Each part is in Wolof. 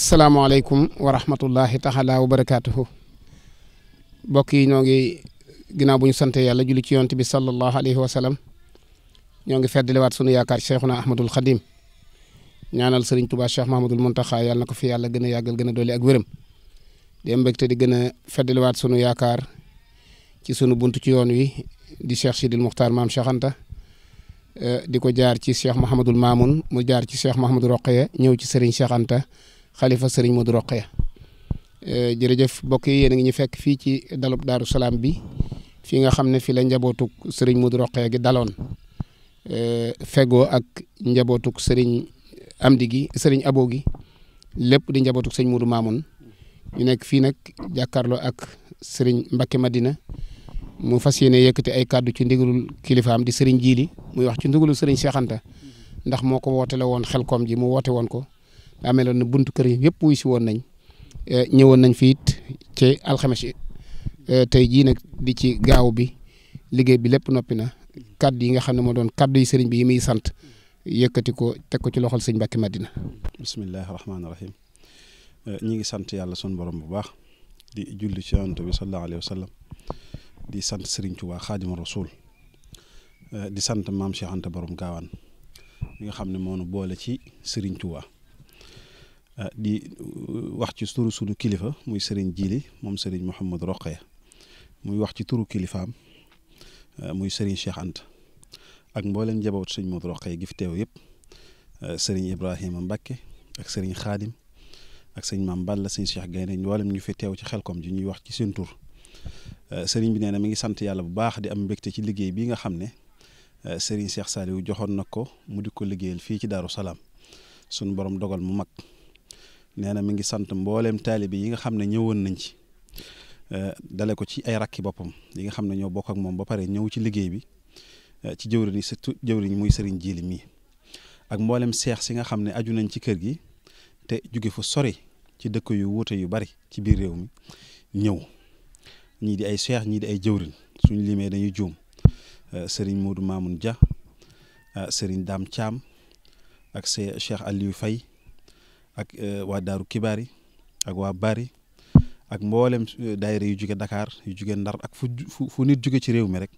asalaamaaleykum wa rahmatullahi taala wa barakaatuhu mbokk yi ñoo ngi ginnaaw bu ñu sant yàlla julli ci yonent bi sallallahu alayhi wa sallam ñoo ngi feddaliwaat sunu yaakaar cheikhuna ahmadul xadim ñaanal sëriñ tubaa cheikh mahamadul muntaxa yàlla na ko fi yàlla gën a yàggal gën a ak wërëm di gën a feddaliwaat sunu yaakaar ci sunu bunt ci yoon wi di cheikh sidil muxtaar maam cheikh eh, di ko jaar ci cheikh mahamadul maamun mu jaar ci cheikh mahamadul roqaya ñëw ci sëriñ cheikh xalifa sëriñ Modou Rokhaya eh, jërëjëf mbokk yi yéen a ngi fekk fii ci dalub Daaru Salaam bi fi nga xam ne fi la njabootuk sëriñ Modou Rokhaya gi daloon eh, fegoo ak njabootuk sëriñ Amdi gi sëriñ Abo gi lépp di njabootuk sëriñ Modou Mamoun ñu nekk fii nag jàkkaarloo ak sëriñ Mbacké Madina mu fas yéene yëkkati ay kàddu ci ndigalul kilifaam di sëriñ Jiili muy wax ci ndigalul sëriñ seexanta ndax moo ko woote woon xel kom ji mu woote woon ko ameloon na bunt kër yëpp wuy si woon nañ eh, ñëwoon nañ fiit it ci alxames yi eh, tey jii nag di ci gaaw bi liggéey bi lépp noppi na kaddu yi nga xam ne moo doon kaddu yi sëriñ bi yi muy sant yëkkati ko teg ci loxol sëñ Mbàkke Madina. bismillahi rahmaani rahim eh, ñi ngi sant yàlla sun borom bu baax di julli ci yonent bi sallallahu alayhi wa sëriñ Tuubaa Xaadimu Rasuul di sant maam Cheikh Anta borom xam ne moo boole ci sëriñ Tuubaa Euh, di euh, wax ci turu sunu kilifa muy Serigne Jili moom Serigne Mouhamadou Roqaya muy wax ci turu kilifaam euh, muy Serigne Cheikh Anta ak mboolem njaboot sëñ Modou Roqaya gi fi teew yëpp Serigne Ibrahima Mbacke ak sëriñ Khadim ak sëñ Maam Balla sëñ Cheikh Gaynde mboolem ñu fi teew ci xel xelkom ji ñuy wax ci seen tur Serigne bi nee na mi ngi sant yàlla bu baax di am mbégte ci liggéey bi nga xam ne Serigne seex Saliou joxoon nag ko mu di ko liggéeyal fii ci Daaru Salaam sunu boroom dogal mu mag. nee na mi ngi sant mbooleem taalibe yi nga xam ne ñëwoon nañ ci eh, dale ko ci ay rakki boppam yi nga xam ne ñoo bokk ak moom ba pare ñëw ci liggéey bi eh, ci jëwriñ yi surtout jëwriñ muy sëriñ jiili mi ak mboolem seex si nga xam ne aju nañ ci kër gi te jóge fu sori ci dëkk yu wuute yu bari ci biir réew mi ñëw ñii di ay seex ñii di ay jëwriñ suñ limee dañuy juum eh, sëriñ Modou Mamoun ja sëriñ daam caam ak see Cheikh Aliou Faye ak euh, waa daaru kibaar yi ak waa bari ak mboolem euh, daayira yu jóge dakaar yu jóge Ndar ak fu fu nit jóge ci réew mi rek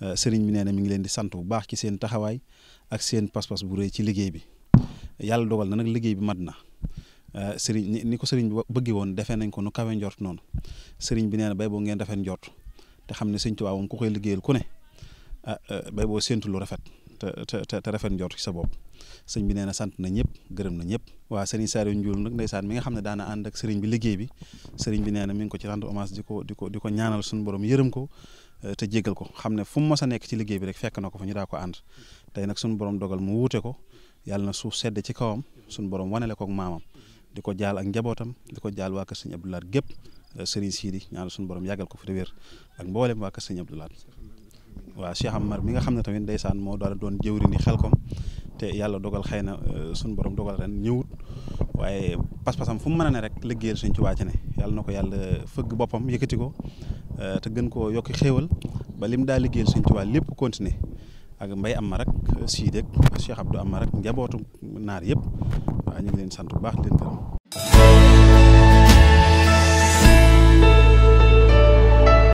euh, sëriñ bi nee na mi ngi leen di sant bu baax ci seen taxawaay ak seen pas-pas bu rëy ci liggéey bi yàlla dogal na nag liggéey bi mat na sëriñ ni ko sëriñ bi bëgge woon defee nañ ko nu kawe noonu sëriñ bi nee bay boo ngeen defee njort te xam ne sëñ waaw moom ku koy liggéeyal ku ne ah, bay boo séntu lu rafet te te te rafet njort ci sa bopp sëñ bi nee sant na ñëpp gërëm na ñëpp waa sëriñ Saliou Ndioul nag ndeysaan mi nga xam ne daana ànd ak bi liggéey bi sëriñ bi nee na mi ngi ko ci rendre hommage di ko di ko di ko ñaanal suñu borom yërëm ko eh, te jéggal ko xam ne fu mu mos a nekk ci liggéey bi rek fekk na ko fa ñu daa ko ànd tey nag suñu borom dogal mu wuute ko yàlla na suuf sedd ci kawam suñu borom wanele ko ak maamam di ko jaal ak njabootam di ko jaal waa kër sëñ Abdoulaat gépp eh, sëriñ Sidi ñaanal suñu borom yàggal ko fi de wér ak mboolem waa kër waaw Cheikh Amar mi nga xam ne tamit day saan moo daal doon jëwri xel xelkom te yàlla dogal xëy na euh, suñu borom dogal ren ñëwut waaye pas-pasam fu mu mën a ne rek liggéeyal suñ ci wàcc ne yàlla na ko yàlla fëgg boppam yëkkati ko euh, te gën koo yokki xéewal ba lim daa liggéeyal suñ ci wàll lépp continuer ak mbay am ma rek Siidek Cheikh Abdou am ma rek njabootu naar yëpp waa ñu ngi leen sant bu baax leen gërëm